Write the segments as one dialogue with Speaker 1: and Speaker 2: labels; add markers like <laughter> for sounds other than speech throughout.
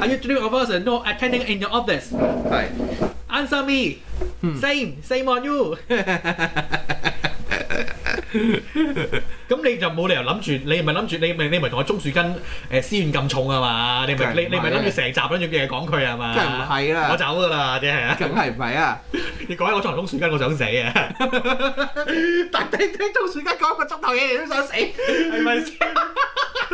Speaker 1: Are you dreaming of a person not attending in your office? Hi. Answer me. Same, same on you。咁你就冇理由諗住，你唔係諗住，你咪你咪同我鍾樹根誒私怨咁重啊嘛？你咪你你咪諗住成集撚樣嘢講佢啊嘛？梗係唔係啦？我走噶啦，即係啊！梗係唔係啊？你講起我同鍾樹根，我想死啊！但你聽鍾樹根講個鐘頭嘢，你都想死，係咪先？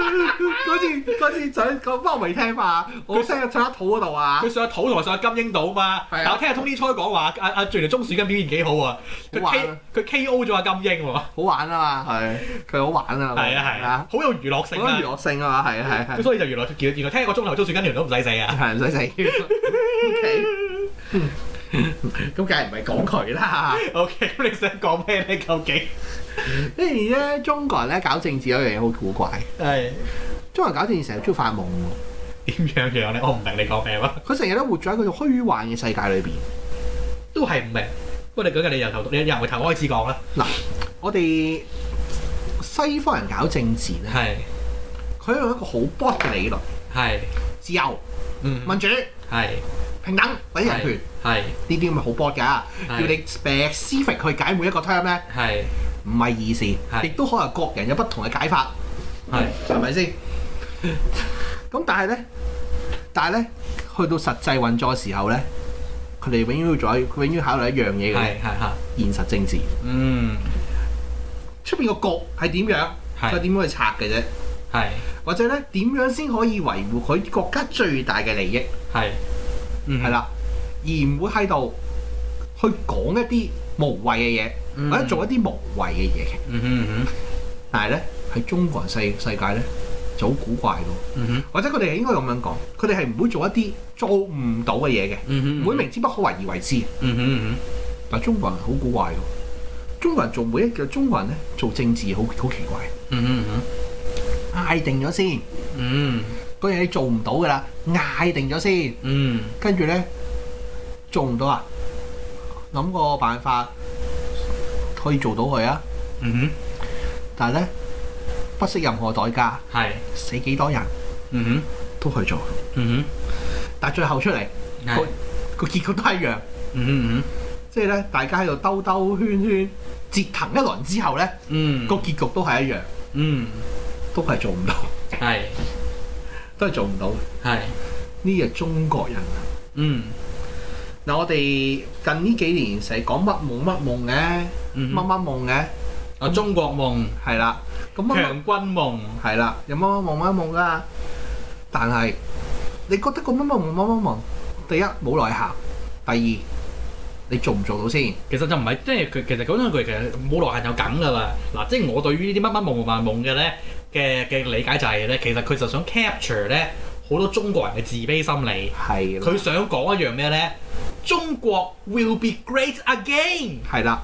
Speaker 1: 嗰 <laughs> <laughs> 次嗰次上講翻我未聽嘛？佢升上唱、啊、喺肚嗰度啊？佢上阿土同埋上阿金英島嘛？啊、但我聽日 Tony Choy 講話，阿阿做完嚟鍾樹根表現幾好喎。佢 K 佢 K.O. 咗阿金英喎。好玩啊嘛！係佢好玩啊！係啊係、那個、啊，係啊係！好有娛樂性啊！娛樂性啊嘛！係係係。咁所以就原來原來聽一個鐘頭鍾樹根原來都唔使死啊！係唔使死。 <laughs> Okay <laughs> 咁梗係唔係講佢啦，OK？你想講咩？呢？究竟？因然咧，中國人咧搞政治有樣嘢好古怪，中國人搞政治成日都發夢喎。點樣樣咧？我唔明你講咩話。佢成日都活在一個虛幻嘅世界裏邊，都係唔明。不過你講嘅，你由頭，你由頭開始講啦。嗱，我哋西方人搞政治咧，係佢用一個好 book 嘅理論，係自由、嗯，民主。係平等或者是人權，係呢啲咁嘅好博㗎。叫你 specific 去解每一個 term 咧，係唔係意思？亦都可能各人有不同嘅解法，係係咪先？咁 <laughs> <laughs> 但係咧，但係咧，去到實際運作嘅時候咧，佢哋永遠要做，永遠考慮一樣嘢嘅，係現實政治。嗯，出面個局係點樣？佢點樣去拆嘅啫？或者咧，點樣先可以維護佢國家最大嘅利益？嗯，係啦，而唔會喺度去講一啲無謂嘅嘢，mm -hmm. 或者做一啲無謂嘅嘢嘅。嗯、mm、哼 -hmm.，但係咧，喺中國人世世界咧就好古怪㗎。哼、mm -hmm.，或者佢哋應該咁樣講，佢哋係唔會做一啲做唔到嘅嘢嘅。唔、mm -hmm. 會明知不可為而為之。Mm -hmm. 但係中國人好古怪㗎。中國人做每一嘅中國人咧，做政治好好奇怪。嗯哼，嗌定咗先。嗯、mm -hmm.。嗰樣嘢你做唔到㗎啦，嗌定咗先，跟住咧做唔到啊，諗個辦法可以做到佢啊，嗯哼，但係咧不惜任何代價，係死幾多人，嗯哼，都去做，嗯哼，但係最後出嚟個個結局都係一樣，嗯哼，即係咧大家喺度兜兜圈圈折騰一輪之後咧，嗯，個結局都係一樣，嗯，都係做唔到，係。都係做唔到嘅。係，呢個中國人啊。嗯。嗱，我哋近呢幾年成日講乜夢乜夢嘅，乜乜夢嘅。啊，中國夢係啦。咁強軍夢係啦，有乜乜夢乜乜夢㗎？但係，你覺得個乜乜夢乜乜夢？第一冇內涵，第二你做唔做到先？其實就唔係，即係佢其實講真句，其實冇內涵有梗㗎啦。嗱，即係我對於呢啲乜乜夢話夢嘅咧。嘅嘅理解就係、是、咧，其實佢就想 capture 咧好多中國人嘅自卑心理。係。佢想講一樣咩咧？中國 will be great again。係啦。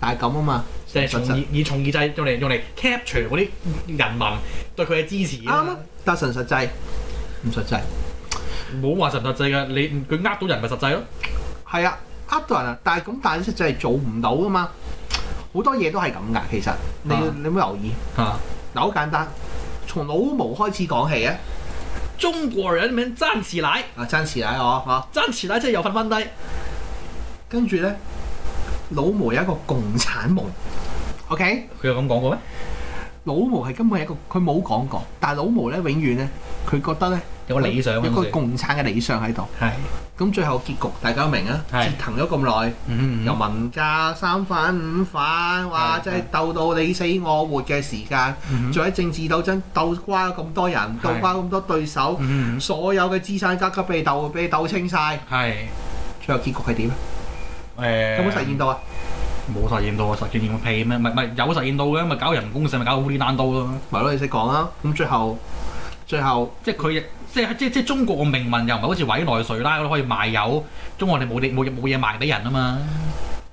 Speaker 1: 但係咁啊嘛，即、就、係、是、從而而從而就用嚟用嚟 capture 嗰啲人民對佢嘅支持。啱啊！但係純、就是、實，實，實際唔實際，唔好話神實際嘅，你佢呃到人咪實際咯。係啊，呃到人啊，但係咁，但係實際係做唔到噶嘛。好多嘢都係咁噶，其實你、啊、你冇留意啊。嗱好簡單，從老毛開始講起啊！中國人名張氏奶啊，張氏奶哦，吓張氏奶即係又瞓返低，跟住咧老毛有一個共產夢，OK？佢有咁講過咩？老毛係根本係一個，佢冇講過，但係老毛咧永遠咧。佢覺得咧有個理想，有個共產嘅理想喺度。係咁，最後結局大家明啊！係折騰咗咁耐，由文革三反五反，哇！即係鬥到你死我活嘅時間，仲喺政治鬥爭鬥瓜咗咁多人，鬥瓜咁多對手，所有嘅資產階級被鬥被鬥清曬。係最後結局係點？誒有冇實現到啊？冇實現到啊！實實現屁咩咪咪有實現到嘅咪搞人工性咪搞烏哩單刀咯？咪咯，你識講啊？咁最後。最後即係佢，即即即，即中國個命運又唔係好似委內瑞拉度可以賣油。中國你冇冇嘢賣俾人啊嘛。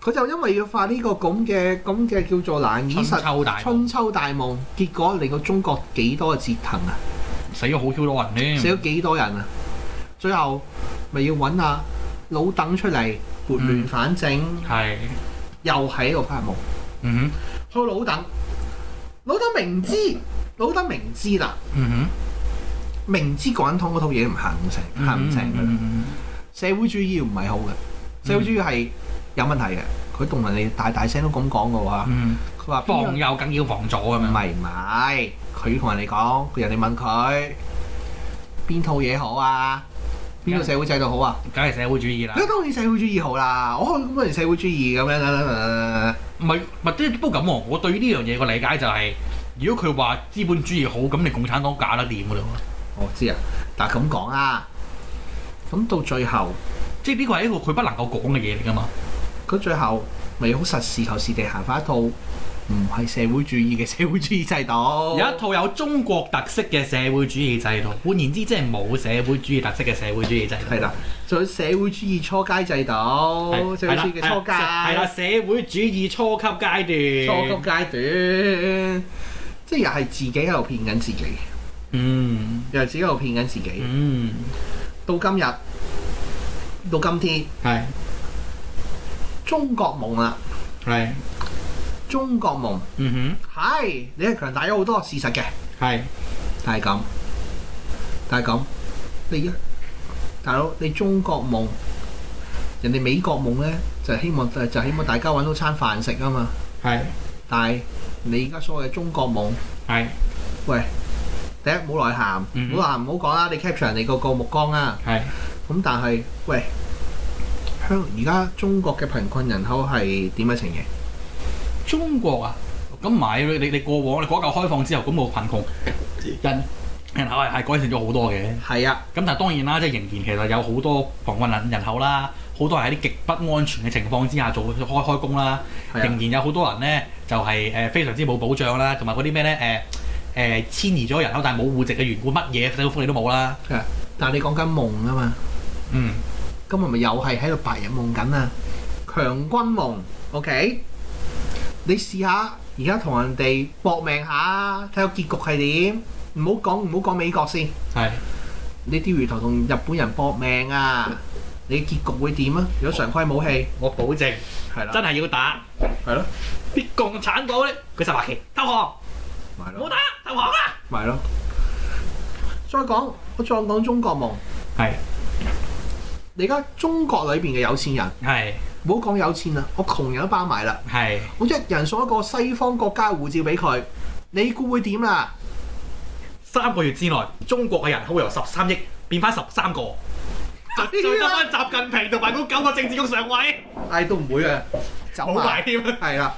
Speaker 1: 佢就因為要發呢個咁嘅咁嘅叫做冷戰春秋大春秋大夢，結果令到中國幾多嘅折騰啊，死咗好少多人呢、啊，死咗幾多人啊？最後咪要揾阿老鄧出嚟撥亂反正，係、嗯、又喺度發夢。嗯哼，好老鄧老鄧明知老等老等明知啦。嗯哼。明知講通嗰套嘢唔行唔成，行唔成嘅、嗯嗯嗯嗯。社會主義唔係好嘅，社會主義係有問題嘅。佢同人哋大大聲都咁講嘅喎。佢、嗯、話防右更要防左咁啊？唔係唔係，佢同人哋講，佢人哋問佢邊套嘢好啊？邊個社會制度好啊？梗係社會主義啦、啊。當然社會主義好啦，我可以講翻嚟社會主義咁樣唔係唔都係，不過咁喎。我對呢樣嘢個理解就係、是，如果佢話資本主義好，咁你共產黨搞得掂嘅咯。我知啊，但係咁講啊，咁到最後，即係呢個係一個佢不能夠講嘅嘢嚟噶嘛。咁最後，咪好實事求是地行翻一套唔係社會主義嘅社會主義制度，有一套有中國特色嘅社會主義制度。換言之，即係冇社會主義特色嘅社會主義制度。係啦，仲有社會主義初階制度，係啦，社會主義初階，係啦，社會主義初級階段，初級階段，即係又係自己喺度騙緊自己。嗯，又自己喺度騙緊自己。嗯，到今日，到今天係中國夢啦。係中國夢。嗯哼，係你係強大咗好多，事實嘅係，但係咁，但係咁。你而家大佬，你中國夢，人哋美國夢咧就希望就就希望大家搵到餐飯食啊嘛。係，但係你而家所謂嘅中國夢係喂。冇內涵，好話唔好講啦。你 capture 人哋個個目光啦。係咁，但係喂，香而家中國嘅貧困人口係點嘅情形？中國啊，咁唔係你你過往你改革開放之後咁冇貧窮人人口係係改善咗好多嘅。係啊，咁但係當然啦，即係仍然其實有好多貧困人人口啦，好多係喺啲極不安全嘅情況之下做開開工啦，仍然有好多人咧就係誒非常之冇保障啦，同埋嗰啲咩咧誒。誒遷移咗人口，但係冇戶籍嘅緣故，乜嘢社會福利都冇啦。係，但係你講緊夢啊嘛。嗯。今日咪又係喺度白日夢緊啊！強軍夢，OK？你試下而家同人哋搏命下，睇下結局係點。唔好講唔好講美國先。係。你啲魚頭同日本人搏命啊！你結局會點啊？如果常規武器，我保證係啦，真係要打。係咯。啲共產黨咧，佢十八期投降。冇打，投降啦！買咯！再講，我再講中國夢。係。你而家中國裏邊嘅有錢人係，唔好講有錢啦，我窮人都包埋啦。係。我一人送一個西方國家護照俾佢，你估會點呀？三個月之內，中國嘅人會由十三億變翻十三個，的再加翻習近平同埋嗰九個政治局常委。唉，都唔會的啊！走埋添。係啦。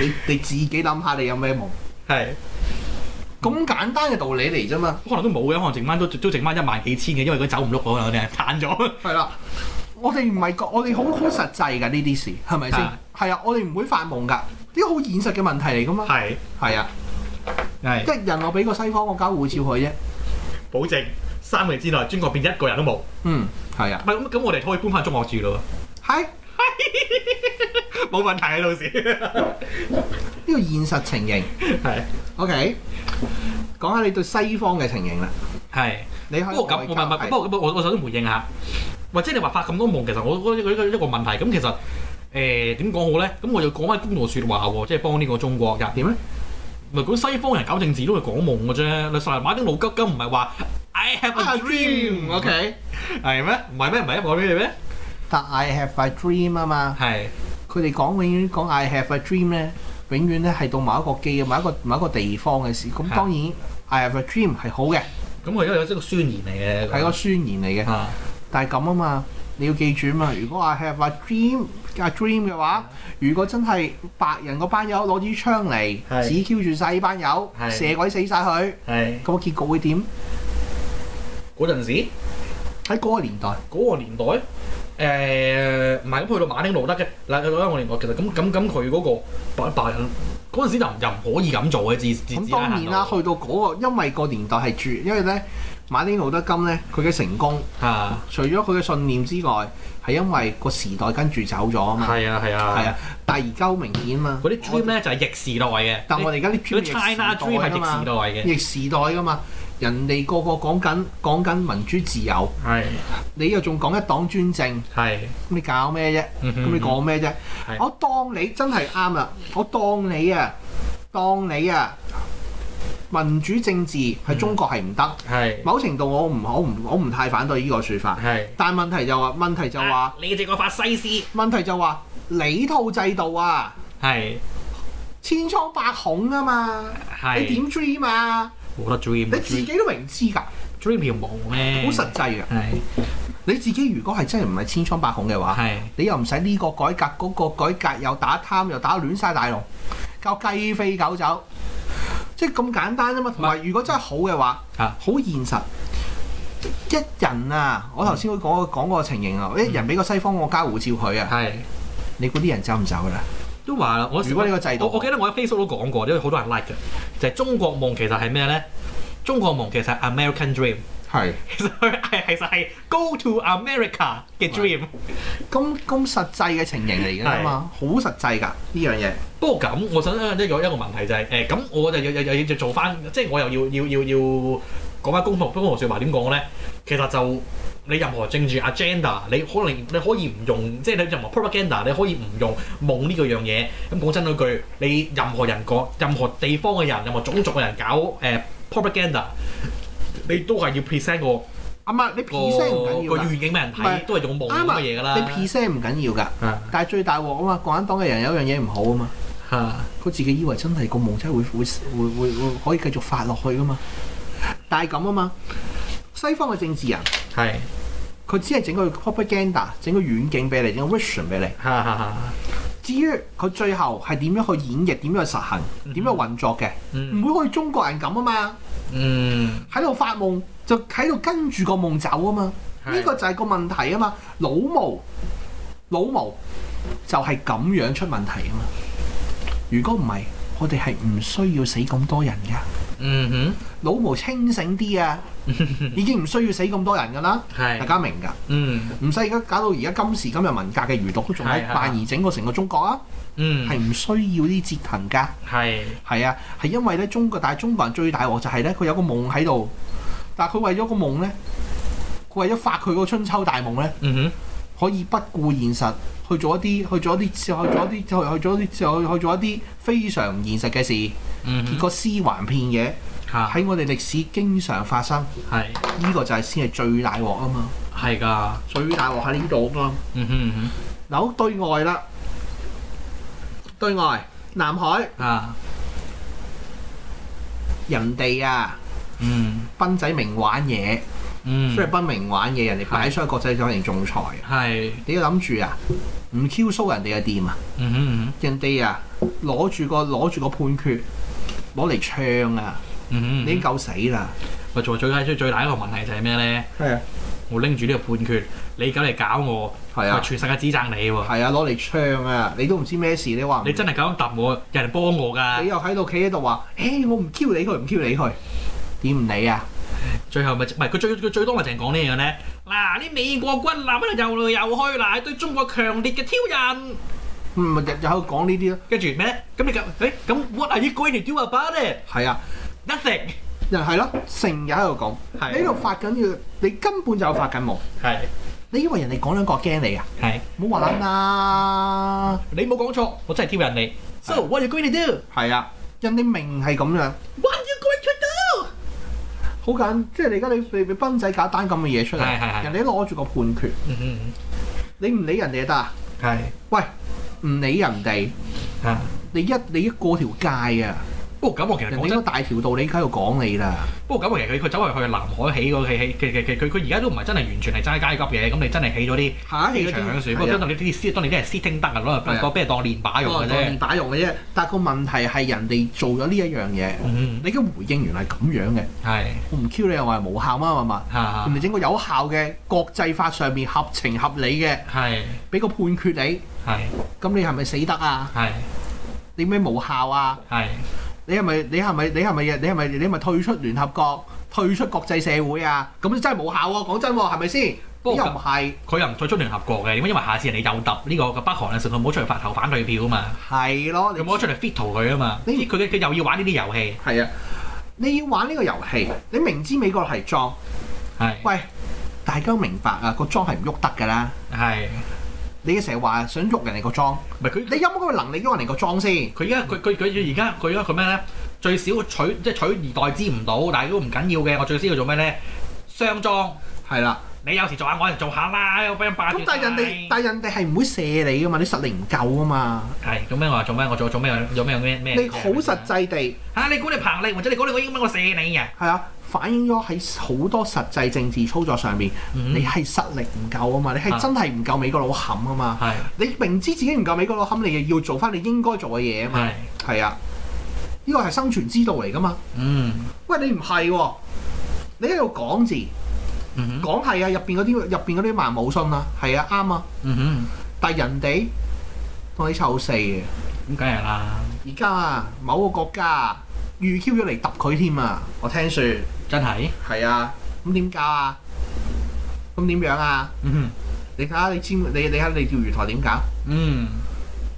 Speaker 1: 你你自己諗下，你有咩夢？係。咁簡單嘅道理嚟啫嘛，可能都冇嘅，可能剩翻都都剩翻一萬幾千嘅，因為佢走唔喐嗰我哋係賺咗。係啦，我哋唔係講，我哋好好實際㗎呢啲事，係咪先？係啊，我哋唔會發夢㗎，呢啲好現實嘅問題嚟噶嘛。係係啊，係即人我俾個西方國家護照佢啫，保證三個月之內中國邊一個人都冇。嗯，係啊。唔咁咁，我哋可以搬翻中國住咯。係。 <laughs> 冇 <laughs> 問題啊，老師呢個現實情形係 OK。講下你對西方嘅情形啦，係你不過咁，唔係不過咁我我首先回應下，或者你話發咁多夢，其實我我呢一個一個問題咁。其實誒點講好咧？咁我要講翻公道說話，即係幫呢個中國噶，點咧？咪講西方人搞政治都係講夢嘅啫。你成日馬丁路德金，唔係話 I have a dream，OK 係咩？唔係咩？唔係啊，講你咩？但 I have a dream 啊、ah, 嘛、okay. <laughs> <laughs> 係。佢哋講永遠講 I have a dream 咧，永遠咧係到某一個機、某一個某一個地方嘅事。咁當然 I have a dream 係好嘅。咁我而家有一個宣言嚟嘅，係個宣言嚟嘅。但係咁啊嘛，你要記住啊嘛。如果話 I have a dream, a dream、啊 dream 嘅話，如果真係白人嗰班友攞支槍嚟指 Q 住曬呢班友，射鬼死晒佢，咁、個結局會點？嗰陣時喺嗰個年代，嗰個年代。嗰個年代誒唔係咁去到馬丁路德嘅嗱，到嗰個年代其實咁咁咁佢嗰個嗰陣時就又唔可以咁做嘅，自自當然咁當然去到嗰、那個，因為個年代係住，因為咧馬丁路德金咧佢嘅成功，啊、除咗佢嘅信念之外，係因為個時代跟住走咗啊嘛。係啊係啊係啊！但而家好明顯啊嘛，嗰啲 dream 咧就係、是、逆時代嘅。但係我哋而家啲 China dream 係、欸、逆時代嘅、欸那個，逆時代啊嘛。人哋個個講緊講緊民主自由，係你又仲講一黨專政，係咁你搞咩啫？咁你講咩啫？我當你係真係啱啦，我當你啊，當你啊，民主政治喺中國係唔得，係某程度我唔好唔好唔太反對呢個説法，係但問題就話問題就話、啊、你哋個法西斯，問題就話你套制度啊，係千瘡百孔啊嘛，你點追嘛？我得 dream 你自己都明知㗎，dream 冇咩，好實際啊！你自己如果係真係唔係千瘡百孔嘅話，你又唔使呢個改革嗰、那個改革，又打貪又打亂晒大龍，教雞飛狗走，即係咁簡單啫嘛！同埋如果真係好嘅話，好、啊、現實，一人啊！我頭先會講講嗰個情形啊，一人俾個西方個加護照佢啊，係你估啲人走唔走㗎？都話啦，我如果呢個制度我，我記得我喺 Facebook 都講過，因為好多人 like 嘅，就係、是、中國夢其實係咩咧？中國夢其實係 American dream，係，其實係 Go to America 嘅 dream。咁咁實際嘅情形嚟嘅係嘛，好實際㗎呢樣嘢。不過咁，我想呢個一個問題就係、是、誒，咁、欸、我就要要要做翻，即係我又要要要要講翻公務。不過何説話點講咧？其實就。你任何政治 agenda，你可能你可以唔用，即係你任何 propaganda，你可以唔用夢呢個樣嘢。咁講真句，你任何人講，任何地方嘅人，任何種族嘅人搞誒、呃、propaganda，你都係要 present 個，啱啊，你 present 個願景俾人睇，都係用夢咁嘅嘢噶啦。你 present 唔緊要㗎、啊，但係最大鑊啊嘛，國安黨嘅人有一樣嘢唔好啊嘛，嚇、啊，佢自己以為真係個夢真係會會會會會可以繼續發落去㗎嘛，但係咁啊嘛。西方嘅政治人係，佢只係整個 propaganda，整個遠景俾你，整個 vision 俾你。係係係。至於佢最後係點樣去演繹，點樣去實行，點、嗯、樣運作嘅，唔會好似中國人咁啊嘛。嗯，喺度發夢就喺度跟住個夢走啊嘛。呢、這個就係個問題啊嘛。老毛，老毛就係咁樣出問題啊嘛。如果唔係，我哋係唔需要死咁多人噶。嗯哼。老毛清醒啲啊， <laughs> 已經唔需要死咁多人噶啦。係，大家明㗎。嗯，唔使而家搞到而家今時今日文革嘅餘毒都仲喺，反而整個成個中國啊。嗯，係唔需要啲折騰㗎。係係啊，係因為咧中國，但係中國人最大鑊就係咧，佢有個夢喺度，但係佢為咗個夢咧，佢為咗發佢個春秋大夢咧、嗯，可以不顧現實去做一啲去做一啲做一啲去做一啲做去做一啲非常唔現實嘅事、嗯，結果屍橫遍野。喺我哋歷史經常發生，係呢、呢個就係先係最大鑊啊嘛。係噶，最大鑊喺呢度啊嘛。嗯哼嗯哼。嗱，好對外啦，對外南海啊，人哋啊，嗯，賓仔明玩嘢，嗯，所以賓明玩嘢，人哋擺出去國際法庭仲裁，係你要諗住啊，唔 Q 蘇人哋又點啊？嗯哼嗯哼，人哋啊，攞住個攞住個判決攞嚟唱啊！嗯，嗯，嗯、已經夠死啦。我仲最最最大一個問題就係咩咧？係啊，我拎住呢個判決，你咁嚟搞我，係、啊、全世界指責你喎。係啊，攞嚟唱啊，你都唔知咩事，你話你真係咁樣揼我，人幫我㗎。你又喺度企喺度話，我唔嬌你去，唔嬌你去，點唔理啊？最後咪佢最最，最多咪淨係講呢樣咧嗱？啲、啊、美國軍艦咧遊來遊去嗱，你對中國強烈嘅挑釁。咪日日喺度講呢啲咯，跟住咩？咁你咁誒咁 what are you going to do about it？係啊。nothing 又係咯，成日喺度講，喺度發緊要，你根本就發緊夢。係你以為人哋講兩個驚你啊？係唔好玩啦！你冇講錯，我真係屌人哋 So what are you going to do？係啊，人哋明係咁樣。What are you going to do？好緊，即係你而家你你斌仔搞單咁嘅嘢出嚟，人哋都攞住個判決。 <laughs> 你唔理人哋就得啊？係喂，唔理人哋 <laughs> 你一你一過條街啊！不過咁，我其實都，大條道理喺度要講你啦。不過咁，其實佢佢走嚟去南海起嗰個起佢佢而家都唔係真係完全係爭緊急嘅。咁你真係起咗啲起長水，不過將到啲啲私，當你啲人私聽得啊，攞嚟當咩當練把用嘅啫，練把用嘅啫。但個問題係人哋做咗呢一樣嘢，你嘅回應原來係咁樣嘅。係我唔 q 你又話無效啊嘛嘛，唔係整個有效嘅國際法上面合情合理嘅，係俾個判決你係。係咁，你係咪死得啊？係你咩無效啊？係。你係咪？你係咪？你係咪？你係咪？你係咪退出聯合國，退出國際社會啊！咁真係冇效喎，啊。講真，啊，係咪先？你又唔係佢又唔退出聯合國嘅點解？因為下次人哋又揼呢個個北韓啊，所以唔好出嚟發投反對票啊嘛。係咯，佢唔好出嚟 fit 圖佢啊嘛。佢佢佢又要玩呢啲遊戲。係啊，你要玩呢個遊戲，你明知美國係裝。係。喂，大家都明白啊，個裝係唔喐得㗎啦。係。你成日話想喐人哋個莊，唔係佢，你有冇嗰個能力喐人哋個莊先？佢而家佢佢佢而家佢而家佢咩咧？最少取即係取而代之唔到，但係如果唔緊要嘅。我最少要做咩咧？雙莊係啦，你有時做一下，我又做一下啦，俾人霸咗，咁但係人哋但係人哋係唔會射你噶嘛？你實力唔夠啊嘛？係做咩我話做咩？我做做咩有咩有咩咩？你好實際地嚇，啊，你估你憑力，或者你估你嗰啲乜我射你嘅。係啊。反映咗喺好多實際政治操作上面，嗯，你係實力唔夠啊嘛，你係真係唔夠美國佬冚啊嘛，你明知自己唔夠美國佬冚，你又要做翻你應該做嘅嘢啊嘛，係啊，呢、呢個係生存之道嚟噶嘛，嗯，喂你唔係喎，你喺度、啊、講字，嗯、講係啊，入邊嗰啲入邊啲盲無信啊。係啊，啱啊，嗯、哼但係人哋當你臭四啊。咁梗係啦，而家啊，某個國家。q 咗嚟揼佢添啊，我聽說真係？係啊，咁點搞啊，咁點樣啊，樣啊、mm -hmm. 你睇下你知你，你，你釣魚台點搞嗯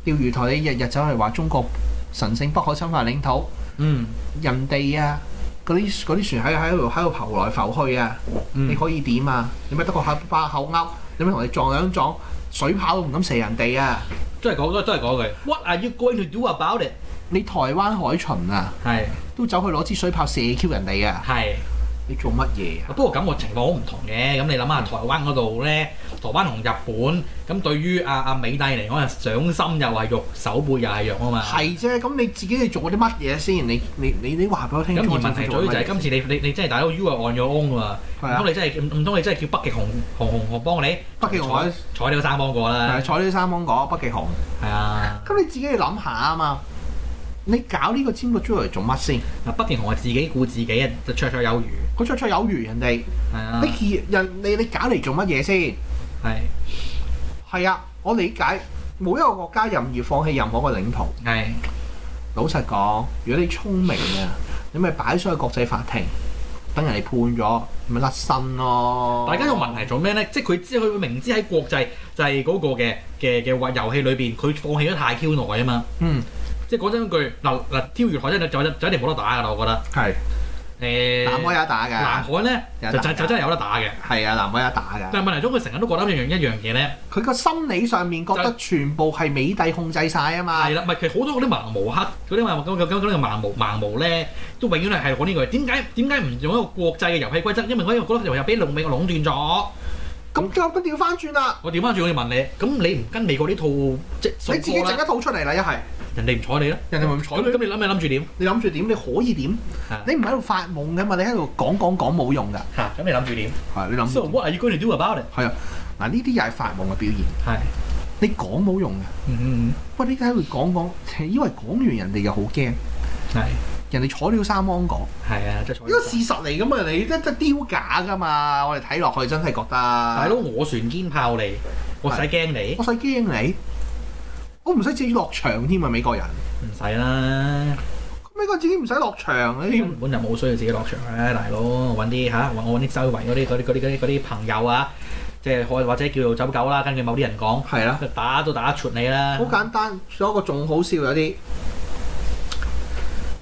Speaker 1: 釣、mm -hmm. 魚台你日日走去話中國神聖不可侵犯領土嗯、mm -hmm. 人哋啊嗰啲船喺喺度喺度浮來浮去啊、mm -hmm. 你可以點啊，你咪得個口把口噏，你咪同你撞兩撞，水炮都唔敢射人哋啊，都係講都係講佢。What are you going to do about it? 你台灣海巡啊，係都走去攞支水炮射 Q 人哋啊，係你做乜嘢啊？不過咁個情況好唔同嘅，咁你諗下台灣嗰度咧，台灣同日本咁，對於阿、啊、阿美帝嚟講，掌心又係肉，手背又係肉啊嘛。係啫，咁你自己你做咗啲乜嘢先？你你你你話俾我聽。咁而問題在於就係今次你你你真係打到 U 係按咗鈎嘛？唔通、啊、你真係唔通你真係叫北極熊熊熊熊幫你？北極熊彩呢個生芒果啦。係呢個生芒果，北極熊。係啊。咁你自己要諗下啊嘛。你搞呢個簽個章嚟做乜先？畢竟我自己顧自己啊，就綽綽有餘。佢綽綽有餘，人哋係啊。你人你你搞嚟做乜嘢先？係係啊，我理解每一個國家任意放棄任何嘅領土。係老實講，如果你聰明啊， <laughs> 你咪擺上去國際法庭，等人哋判咗，咪甩身咯。大家個問題做咩咧？即係佢知佢明知喺國際就係嗰個嘅嘅嘅玩遊戲裏邊，佢放棄咗太 Q 耐啊嘛。嗯。即係講真嗰句，嗱嗱，跳越海真係就一就一定冇得打㗎啦！我覺得係，誒、呃，南海有得打㗎，南海咧就就真係有得打嘅。係啊，南海有得打㗎。但係問題中佢成日都覺得一樣一樣嘢咧，佢個心理上面覺得全部係美帝控制晒啊嘛。係啦，唔其實好多嗰啲盲毛黑，嗰啲咁咁咁盲毛盲毛咧，都永遠係係講呢句。點解點解唔用一個國際嘅遊戲規則？因為我覺得又又俾老美壟斷咗。咁咁、嗯，我調翻轉啦。我調翻轉我要問你，咁你唔跟美國套呢套即你自己整一套出嚟啦？一係。人哋唔睬你咧，人哋咪唔睬你。咁你諗嘢諗住點？你諗住點？你可以點？你唔喺度發夢噶嘛？你喺度講講講冇用噶。嚇，咁你諗住點？嚇，你諗。So what are you going to do about it？係啊，嗱，呢啲又係發夢嘅表現。你講冇用嘅。嗯嗯，嗯喂，你睇佢講講，因為講完人哋又好驚。人哋採了三芒果。係啊，呢個事實嚟噶嘛？你真真丟架噶嘛？我哋睇落去真係覺得，大佬我船堅炮利。我使驚你，我使驚你。我唔使自己落場添啊，美國人。唔使啦。美國自己唔使落場嗰，根本就冇需要自己落場嘅，大佬揾啲嚇，揾啲周圍嗰啲啲啲啲朋友啊，即係可或者叫做走狗啦，根據某啲人講。係啦。打都打得出你啦。好簡單，仲有一個仲好笑有啲，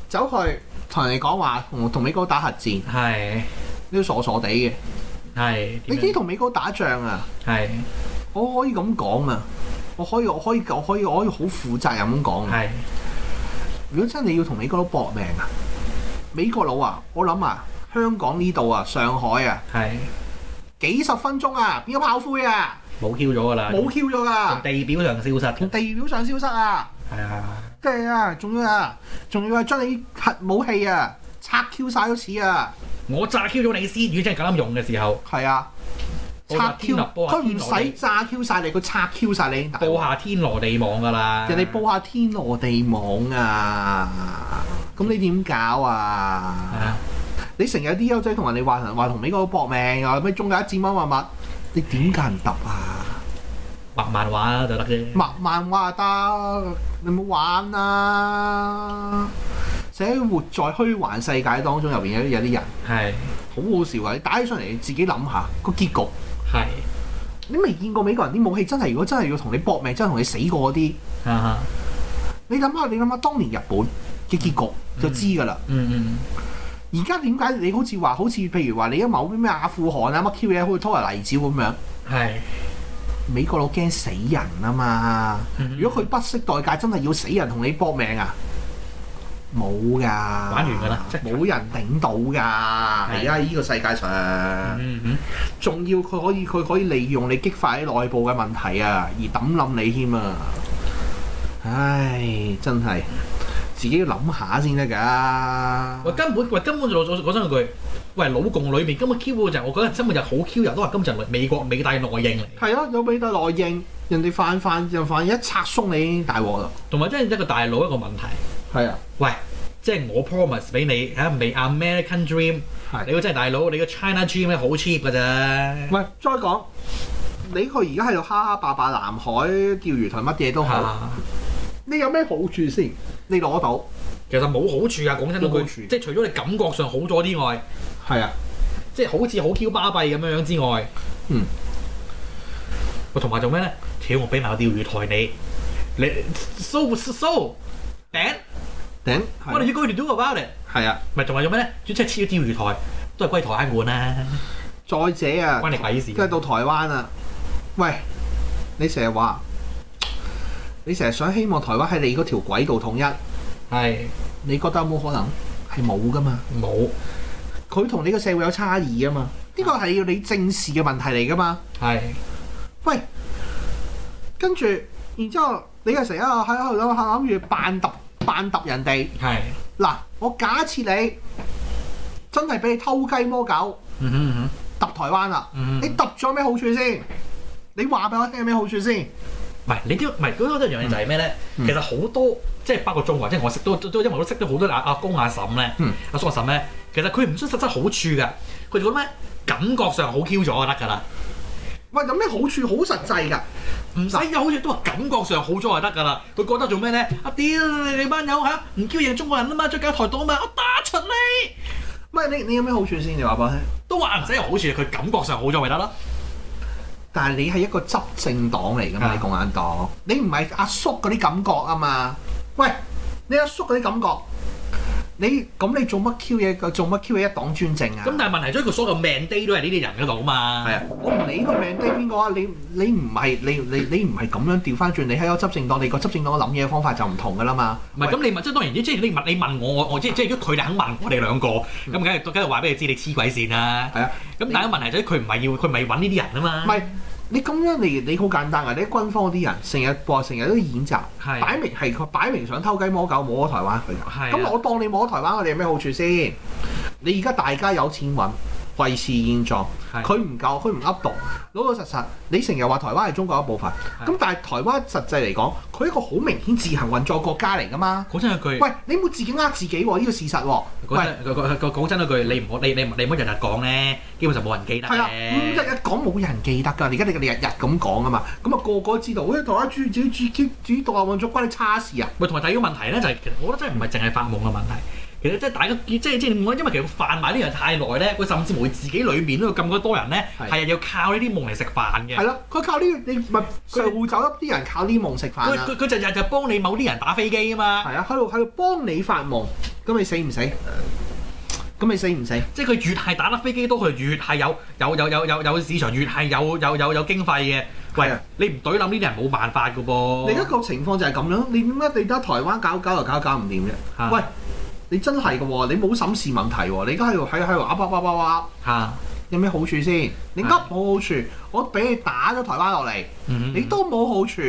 Speaker 1: 走去同人哋講話同同美國打核戰。係。啲傻傻地嘅。係。你知同美國打仗啊？係。我可以咁講啊！我可以，我可以，我可以，我可以好負責任咁講。如果真係要同美國佬搏命啊，美國佬啊，我諗啊，香港呢度啊，上海啊，係幾十分鐘啊，變咗炮灰啊！冇 Q 咗㗎啦！冇 Q 咗㗎！地表上消失。地表上消失啊！係啊！真係啊！仲要啊！仲要啊！將你核武器啊，拆 Q 晒都似啊！我炸 Q 咗你私語，真係夠膽用嘅時候。係啊！拆 Q 佢唔使炸 Q 晒你，佢拆 Q 晒你。報下天羅地網㗎啦！人哋報下天羅地網啊！咁你點搞啊？的你成日啲友仔同人哋話話同美國搏命，啊，咩中一戰乜乜乜？你點解唔揼啊？畫漫畫就得啫。畫漫畫得，你冇玩啊！寫在活在虛幻世界當中入邊有有啲人係好好笑啊！你打起上嚟你自己諗下個結局。嗯。係，你未見過美國人啲武器真係，如果真係要同你搏命，真係同你死過嗰啲、uh -huh.。你諗下，你諗下，當年日本嘅結局就知㗎啦。嗯嗯。而家點解你好似話，好似譬如話，你一某啲咩阿富汗啊，乜 Q 嘢，好似拖人嚟例子咁樣。係、uh -huh.。美國佬驚死人啊嘛！如果佢不惜代價，真係要死人同你搏命啊！冇噶，玩完噶啦，即係冇人頂到噶。係啊，呢、呢個世界上，仲、嗯嗯、要佢可以佢可以利用你激發喺內部嘅問題啊，而揼冧你添啊！唉，真係自己要諗下先得㗎。喂，根本喂、就是、根本就老咗講真嗰句，喂老共裏面。根本 Q u r 就係我覺得根本就好 Q，u 都話今日美國美大內應嚟。係啊，有美大內應，人哋反反人反一拆鬆你大鑊啦。同埋真係一個大佬一個問題。係啊！喂，即係我 promise 俾你嚇，未 American Dream。你個真係大佬，你個 China Dream 咧好 cheap 㗎啫。喂，再講你佢而家喺度哈哈霸霸南海釣魚台乜嘢都好，啊，你有咩好處先？你攞到其實冇好處啊！講真冇好處。即係除咗你感覺上好咗啲外，係啊，即係好似好 Q 巴閉咁樣樣之外，嗯，我同埋做咩咧？請我俾埋個釣魚台你，你 so so but 頂，我哋應該要 do about it。係啊，咪仲話做咩咧？專車切咗釣魚台，都係歸台灣管啦、啊。再者啊，關你鬼事。都係到台灣啊！喂，你成日話，你成日想希望台灣喺你嗰條軌道統一，係你覺得有冇可能？係冇噶嘛。冇，佢同你個社會有差異啊嘛。呢個係要你正視嘅問題嚟噶嘛。係。喂，跟住，然之後你，你又成日喺度諗諗住扮揼。扮揼人哋，係嗱，我假設你真係俾你偷雞摸狗，揼、嗯嗯、台灣啦、嗯，你揼咗咩好處先？你話俾我聽有咩好處先？唔係你都，唔係嗰種一樣嘢就係咩咧？其實好多即係包括中國，即係我識都都因為我都識咗好多阿阿公阿嬸咧、嗯，阿叔阿嬸咧，其實佢唔想實質好處嘅，佢哋覺得咩感覺上好 Q 咗就得㗎啦。喂，有咩好處？好實際噶，唔使有好處都話感覺上好咗就得噶啦。佢覺得做咩咧？阿屌你班友嚇，唔叫嘢中國人啊嘛，著緊台刀嘛？我打出你。喂，你你有咩好處先？你話俾我聽都話唔使有好處，佢感覺上好咗咪得咯。但係你係一個執政黨嚟噶嘛，你共產黨，你唔係阿叔嗰啲感覺啊嘛。喂，你阿叔嗰啲感覺。你咁你做乜 Q 嘢？做乜 Q 嘢一黨專政啊？咁但係問題就，佢所有 mandate 都係呢啲人嗰度啊嘛。係啊，我唔理個 mandate 邊個啊，你你唔係你你你唔係咁樣調翻轉，你喺個執政黨，你個執政黨嘅諗嘢方法就唔同噶啦嘛。唔係咁你問，即係當然啫，即係你問你問我，我即係即係如果佢哋肯問我哋兩個，咁梗係梗係話俾你知，你黐鬼線啦。係啊，咁但係問題就，佢唔係要佢咪揾呢啲人啊嘛。唔係。你咁樣，你你好簡單啊，你啲軍方啲人成日播，成日都演習，擺明係佢，擺明想偷雞摸狗，摸台灣佢。咁我當你摸台灣，我哋有咩好處先？你而家大家有錢揾。維持現狀，佢唔夠，佢唔噏讀，老老實實。你成日話台灣係中國一部分，咁但係台灣實際嚟講，佢係一個好明顯自行運作國家嚟㗎嘛。講真一句，喂，你唔好自己呃自己喎，呢個事實喎。講、嗰個嗰個、真，講句，你唔好你你你唔好日日講咧，基本上冇人記得咧。係啦，日日講冇人記得㗎，而家你你日日咁講啊嘛，咁啊個個知道，咦、哎？台灣主主主主導啊運作關你叉事啊？咪同埋第二個問題咧，就係、係、其實我覺得真係唔係淨係發夢嘅問題。其實即係大家，即係即係我，因為其實販賣呢樣太耐咧，佢甚至乎會自己裏面都有咁鬼多人咧，係日要靠呢啲夢嚟食飯嘅。係咯，佢靠呢，你唔係，佢會走一啲人靠呢啲夢食飯啊。佢佢佢日日就幫你某啲人打飛機啊嘛。係啊，喺度喺度幫你發夢，咁你死唔死？咁你死唔死？即係佢越係打得飛機多，佢越係有有有有有有市場，越係有有有有有經費嘅。喂，你唔對冧呢啲人冇辦法嘅噃。你而家個情況就係咁樣，你點解你得台灣搞搞又搞搞唔掂啫？喂！你真係嘅喎，你冇審視問題喎、喔，你而家喺度喺喺度啊，噏噏噏啊，嚇有咩好處先？你噏冇好處，我俾你打咗台灣落嚟，嗯嗯你都冇好處，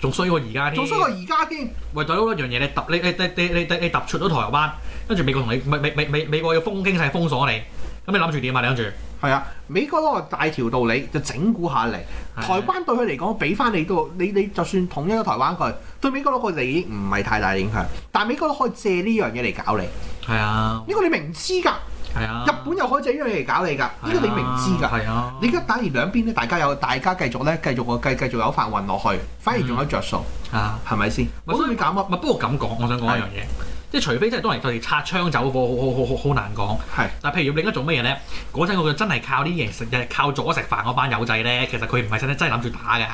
Speaker 1: 仲衰過而家添，仲衰過而家添。喂，仲有一樣嘢，你揼你你你你你你揼出咗台灣，跟住美國同你美美美美美國要封經濟封鎖你，咁你諗住點啊？你諗住？係啊，美國嗰個大條道理就整蠱下嚟、啊，台灣對佢嚟講，俾翻你都，你你就算統一咗台灣佢，對美國嗰個利益唔係太大影響，但係美國都可以借呢樣嘢嚟搞你。係啊，呢、呢個你明知㗎。係啊，日本又可以借呢樣嘢嚟搞你㗎，呢、啊呢個你明知㗎。係啊，啊，你而家打完兩邊咧，大家有，大家繼續咧，繼續個繼續繼續有飯運落去，反而仲有着數。嗯、係啊，係咪先？我唔想講乜，不過咁講，我想講我想一樣嘢。即係除非真係都係就係擦槍走火，好好好好好難講。但譬如你而家做咩嘢咧？嗰陣我佢真係靠啲嘢，食，日係靠咗食飯嗰班友仔咧。其實佢唔係真係真係諗住打嘅。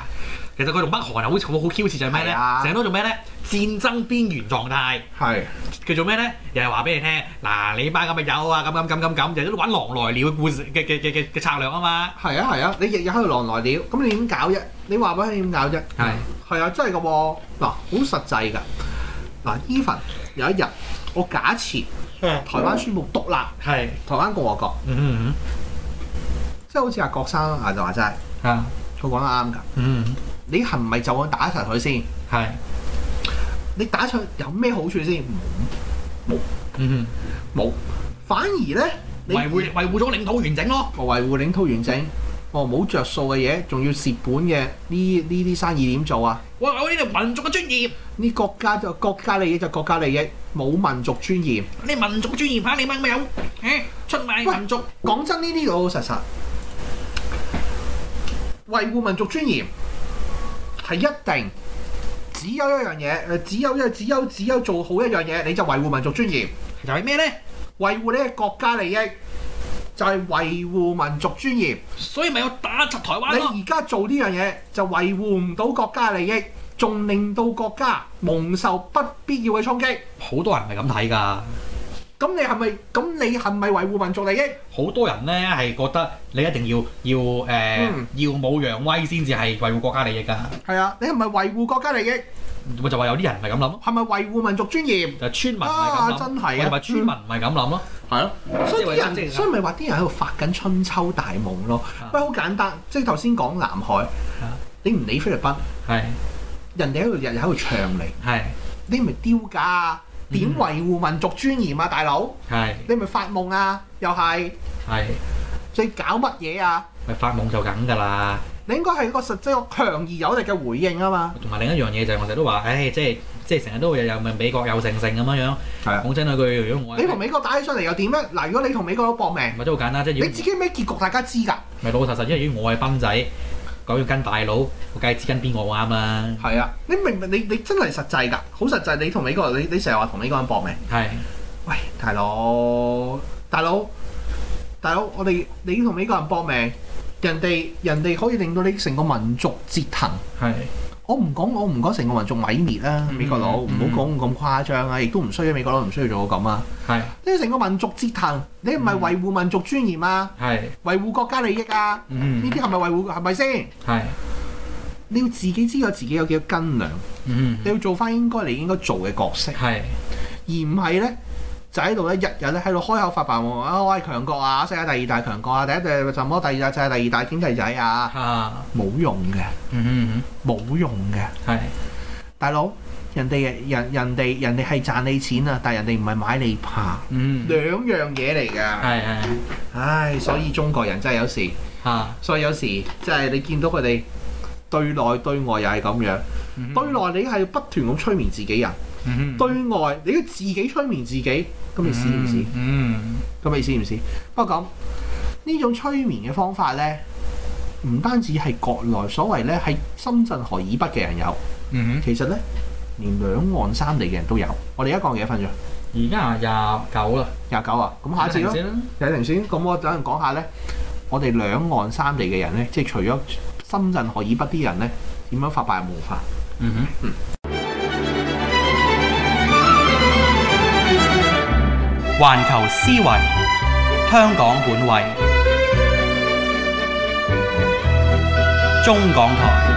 Speaker 1: 其實佢同北韓又好似好好 Q 似，就係咩咧？成日都做咩咧？戰爭邊緣狀態係佢做咩咧？又係話俾你聽嗱，你班咁嘅友啊，咁咁咁咁咁，成日玩狼來了嘅故事嘅嘅嘅嘅嘅策略啊嘛。係啊係啊，你日日喺度狼來了咁，你點搞啫？你話俾你點搞啫？係係啊，真係嘅嗱，好實際㗎嗱，even。有一日，我假設台灣宣布獨立，係台灣共和國，是嗯嗯、即係好似阿郭生啊，就話齋，佢講得啱㗎、嗯。你係唔係就咁打一場佢先？係你打出去有咩好處先？冇，嗯哼，冇。反而咧，你維護維護咗領土完整咯，我維護領土完整。哦，冇着數嘅嘢，仲要蝕本嘅，呢呢啲生意點做啊？喂，喂，呢度民族嘅尊嚴，呢國家就國家利益就國家利益，冇民族尊嚴。你民族尊嚴，睇你乜嘢有？誒、嗯，出賣民族。講真，呢啲老老實實維護民族尊嚴係一定只有一樣嘢，誒，只有一只，有只有，只有做好一樣嘢，你就維護民族尊嚴。就係咩咧？維護咧國家利益。就係、是、維護民族尊嚴，所以咪要打砸台灣。你而家做呢樣嘢就維護唔到國家利益，仲令到國家蒙受不必要嘅衝擊。好多人係咁睇㗎。咁你係咪，咁你係咪維護民族利益？好多人呢係覺得你一定要要誒、呃嗯、要耀武揚威先至係維護國家利益㗎。係啊，你係咪維護國家利益？我就話有啲人唔係咁諗咯。係咪維護民族尊嚴？就是、村民係啊，真係。係咪村民唔係咁諗咯？係、嗯、咯、啊。所以啲人，所以咪話啲人喺度發緊春秋大夢咯？喂、啊，好簡單，即係頭先講南海，啊、你唔理菲律賓，係、啊、人哋喺度日日喺度唱嚟，係、啊、你唔係丟㗎？點維護民族尊嚴啊，大佬？係你咪發夢啊，又係？係。所以搞乜嘢啊？咪發夢就梗㗎啦。你應該係一個實際、一個強而有力嘅回應啊嘛。同埋另一樣嘢就係我成日都話，唉、哎，即係即係成日都會有又咪美國有勝性咁樣樣。係，講真一句，如果我你同美國打起上嚟又點咧？嗱，如果你同美國搏命，咪都好簡單，即係你自己咩結局大家知㗎。咪老實實，因為我係斌仔。講要跟大佬，我梗係知跟邊個啱啊？係啊，你明唔明？你你真係實際㗎，好實際！你同美國，你你成日話同美國人搏命。係，喂，大佬，大佬，大佬，我哋你同美國人搏命，人哋人哋可以令到你成個民族折騰。係。我唔講，我唔講成個民族毀滅啦、啊嗯，美國佬唔好講咁誇張啊，亦都唔需要美國佬唔需要做我咁啊，你成個民族折騰，你唔係維護民族尊嚴啊，維護國家利益啊，呢啲係咪維護，係咪先？係，你要自己知道自己有幾多斤兩、嗯，你要做返應該你應該做嘅角色，係而唔係咧。就喺度咧，日日咧喺度開口發白話啊！我係強國啊，世界第二大強國啊，第一就係什麼？第二大世界第二大經濟、就係、仔啊！冇、啊、用嘅，嗯嗯冇用嘅，係，大佬，人哋人人哋人哋係賺你錢啊，嗯、但係人哋唔係買你怕，嗯，兩樣嘢嚟㗎，係係，唉，所以中國人真係有時，啊，所以有時即係、就係、你見到佢哋對內對外又係咁樣、嗯，對內你係不斷咁催眠自己人。對外你要自己催眠自己，咁你試唔試？嗯，咁你試唔試？不過咁呢種催眠嘅方法咧，唔單止係國內所謂咧，係深圳河以北嘅人有，嗯哼，其實咧，連兩岸三地嘅人都有。我哋而家講幾多分鐘？而家係廿九啦，廿九啊，咁、啊嗯、下一次咯。有停先，咁我等陣講下咧，我哋兩岸三地嘅人咧，即係除咗深圳河以北啲人咧，點樣發白冇法？嗯哼，嗯。環球思維，香港本位，中港台。